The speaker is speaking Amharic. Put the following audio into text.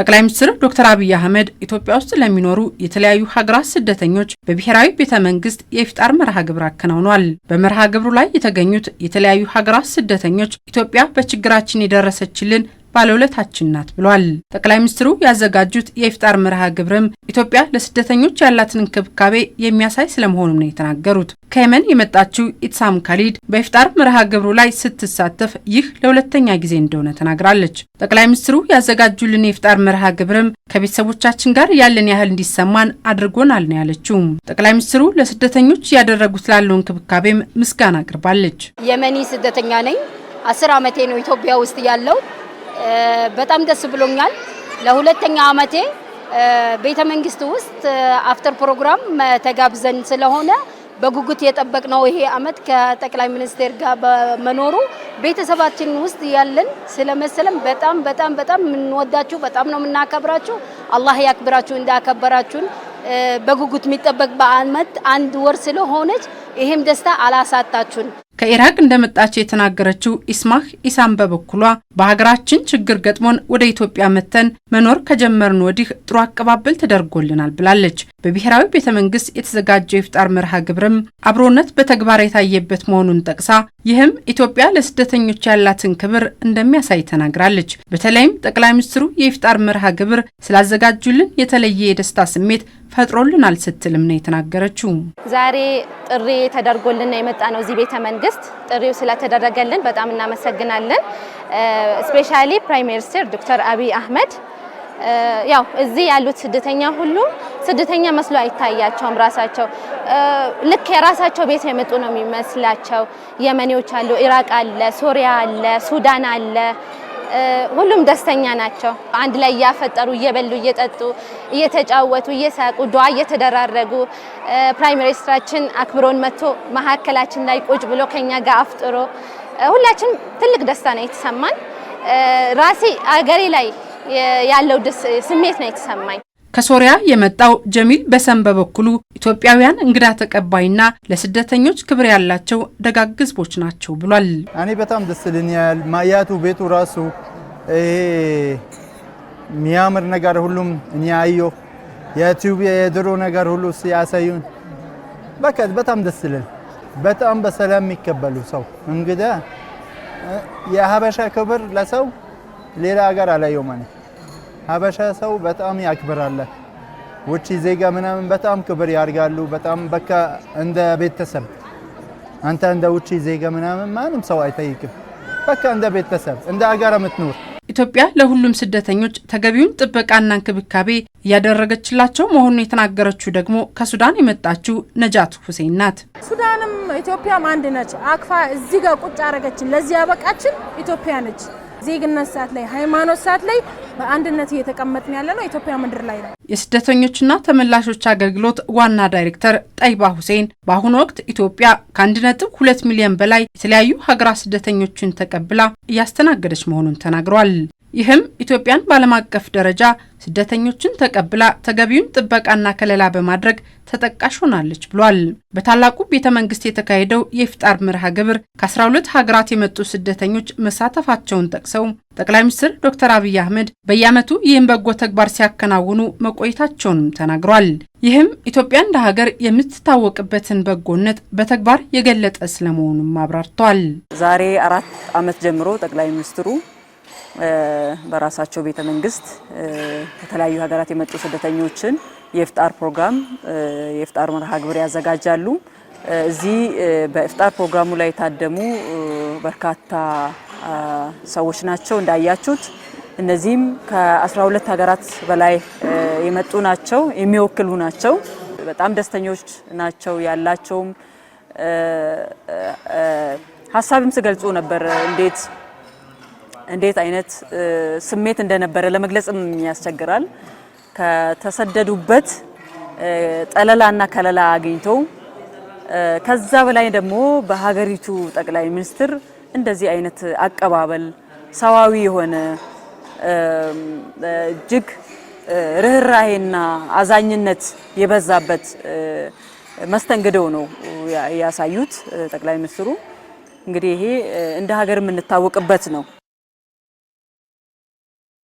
ጠቅላይ ሚኒስትር ዶክተር አብይ አህመድ ኢትዮጵያ ውስጥ ለሚኖሩ የተለያዩ ሀገራት ስደተኞች በብሔራዊ ቤተ መንግስት የኢፍጣር መርሃ ግብር አከናውኗል። በመርሃ ግብሩ ላይ የተገኙት የተለያዩ ሀገራት ስደተኞች ኢትዮጵያ በችግራችን የደረሰችልን ባለውለታችን ናት ብሏል። ጠቅላይ ሚኒስትሩ ያዘጋጁት የኢፍጣር መርሃ ግብርም ኢትዮጵያ ለስደተኞች ያላትን እንክብካቤ የሚያሳይ ስለመሆኑም ነው የተናገሩት። ከየመን የመጣችው ኢትሳም ካሊድ በኢፍጣር መርሃ ግብሩ ላይ ስትሳተፍ ይህ ለሁለተኛ ጊዜ እንደሆነ ተናግራለች። ጠቅላይ ሚኒስትሩ ያዘጋጁልን የኢፍጣር መርሃ ግብርም ከቤተሰቦቻችን ጋር ያለን ያህል እንዲሰማን አድርጎናል ነው ያለችው። ጠቅላይ ሚኒስትሩ ለስደተኞች እያደረጉት ላለው እንክብካቤም ምስጋና አቅርባለች። የመኒ ስደተኛ ነኝ። አስር ዓመቴ ነው ኢትዮጵያ ውስጥ ያለው በጣም ደስ ብሎኛል። ለሁለተኛ ዓመቴ ቤተ መንግስት ውስጥ አፍተር ፕሮግራም ተጋብዘን ስለሆነ በጉጉት የጠበቅነው ይሄ ዓመት ከጠቅላይ ሚኒስቴር ጋር በመኖሩ ቤተሰባችን ውስጥ ያለን ስለመሰለም በጣም በጣም በጣም የምንወዳችሁ በጣም ነው የምናከብራችሁ። አላህ ያክብራችሁ እንዳከበራችሁን። በጉጉት የሚጠበቅ በዓመት አንድ ወር ስለሆነች ይህም ደስታ አላሳጣችሁን። ከኢራቅ እንደመጣች የተናገረችው ኢስማህ ኢሳም በበኩሏ በሀገራችን ችግር ገጥሞን ወደ ኢትዮጵያ መጥተን መኖር ከጀመርን ወዲህ ጥሩ አቀባበል ተደርጎልናል ብላለች። በብሔራዊ ቤተ መንግስት የተዘጋጀው የፍጣር መርሃ ግብርም አብሮነት በተግባር የታየበት መሆኑን ጠቅሳ ይህም ኢትዮጵያ ለስደተኞች ያላትን ክብር እንደሚያሳይ ተናግራለች። በተለይም ጠቅላይ ሚኒስትሩ የፍጣር መርሃ ግብር ስላዘጋጁልን የተለየ የደስታ ስሜት ፈጥሮልናል ስትልም ነው የተናገረችው። ዛሬ ጥሬ ተደርጎልን የመጣ ነው እዚህ ቤተ መንግስት። ጥሪው ስለተደረገልን በጣም እናመሰግናለን። ስፔሻሊ ፕራይም ሚኒስትር ዶክተር አብይ አህመድ ያው እዚህ ያሉት ስደተኛ ሁሉ ስደተኛ መስሎ አይታያቸውም። ራሳቸው ልክ የራሳቸው ቤት የመጡ ነው የሚመስላቸው። የመኔዎች አሉ፣ ኢራቅ አለ፣ ሶሪያ አለ፣ ሱዳን አለ፣ ሁሉም ደስተኛ ናቸው። አንድ ላይ እያፈጠሩ እየበሉ እየጠጡ እየተጫወቱ እየሳቁ ዱዓ እየተደራረጉ ፕራይመሪ ስራችን አክብሮን መጥቶ መሀከላችን ላይ ቁጭ ብሎ ከኛ ጋር አፍጥሮ ሁላችንም ትልቅ ደስታ ነው የተሰማን። ራሴ አገሬ ላይ ያለው ስሜት ነው የተሰማኝ። ከሶሪያ የመጣው ጀሚል በሰም በበኩሉ ኢትዮጵያውያን እንግዳ ተቀባይና ለስደተኞች ክብር ያላቸው ደጋግ ህዝቦች ናቸው ብሏል። እኔ በጣም ደስ ይለኛል። ማያቱ ቤቱ ራሱ የሚያምር ነገር ሁሉም እኔ አየሁ። የኢትዮጵያ የድሮ ነገር ሁሉ ሲያሳዩን በቃ በጣም ደስ ይላል። በጣም በሰላም የሚቀበሉ ሰው እንግዳ የሀበሻ ክብር ለሰው ሌላ ሀገር አላየው ማለት ሀበሻ ሰው በጣም ያክብራል። ውጪ ዜጋ ምናምን በጣም ክብር ያርጋሉ። በጣም በቃ እንደ ቤተሰብ አንተ እንደ ውጪ ዜጋ ምናምን ማንም ሰው አይጠይቅም። በቃ እንደ ቤተሰብ እንደ አገር ምትኖር ኢትዮጵያ ለሁሉም ስደተኞች ተገቢውን ጥበቃና እንክብካቤ እያደረገችላቸው መሆኑን የተናገረችው ደግሞ ከሱዳን የመጣችው ነጃት ሁሴን ናት። ሱዳንም ኢትዮጵያም አንድ ነች። አክፋ እዚህ ጋር ቁጭ አረገችን። ለዚህ ያበቃችን ኢትዮጵያ ነች። ዜግነት ሰዓት ላይ ሃይማኖት ሰዓት ላይ በአንድነት እየተቀመጥን ያለ ነው ኢትዮጵያ ምድር ላይ ነው። የስደተኞችና ተመላሾች አገልግሎት ዋና ዳይሬክተር ጠይባ ሁሴን በአሁኑ ወቅት ኢትዮጵያ ከአንድ ነጥብ ሁለት ሚሊዮን በላይ የተለያዩ ሀገራት ስደተኞችን ተቀብላ እያስተናገደች መሆኑን ተናግሯል። ይህም ኢትዮጵያን በዓለም አቀፍ ደረጃ ስደተኞችን ተቀብላ ተገቢውን ጥበቃና ከለላ በማድረግ ተጠቃሽ ሆናለች ብሏል። በታላቁ ቤተ መንግስት የተካሄደው የኢፍጣር መርሃ ግብር ከ12 ሀገራት የመጡ ስደተኞች መሳተፋቸውን ጠቅሰው ጠቅላይ ሚኒስትር ዶክተር አብይ አህመድ በየዓመቱ ይህን በጎ ተግባር ሲያከናውኑ መቆየታቸውንም ተናግሯል። ይህም ኢትዮጵያ እንደ ሀገር የምትታወቅበትን በጎነት በተግባር የገለጠ ስለመሆኑም አብራርቷል። ዛሬ አራት ዓመት ጀምሮ ጠቅላይ ሚኒስትሩ በራሳቸው ቤተ መንግስት ከተለያዩ ሀገራት የመጡ ስደተኞችን የፍጣር ፕሮግራም የፍጣር መርሃ ግብር ያዘጋጃሉ። እዚህ በፍጣር ፕሮግራሙ ላይ የታደሙ በርካታ ሰዎች ናቸው እንዳያችሁት። እነዚህም ከ12 ሀገራት በላይ የመጡ ናቸው፣ የሚወክሉ ናቸው። በጣም ደስተኞች ናቸው። ያላቸውም ሀሳብም ስገልጹ ነበር እንዴት እንዴት አይነት ስሜት እንደነበረ ለመግለጽም ያስቸግራል። ከተሰደዱበት ጠለላና ከለላ አግኝተው ከዛ በላይ ደግሞ በሀገሪቱ ጠቅላይ ሚኒስትር እንደዚህ አይነት አቀባበል ሰዋዊ የሆነ እጅግ ርኅራሄና አዛኝነት የበዛበት መስተንግደው ነው ያሳዩት ጠቅላይ ሚኒስትሩ። እንግዲህ ይሄ እንደ ሀገር የምንታወቅበት ነው።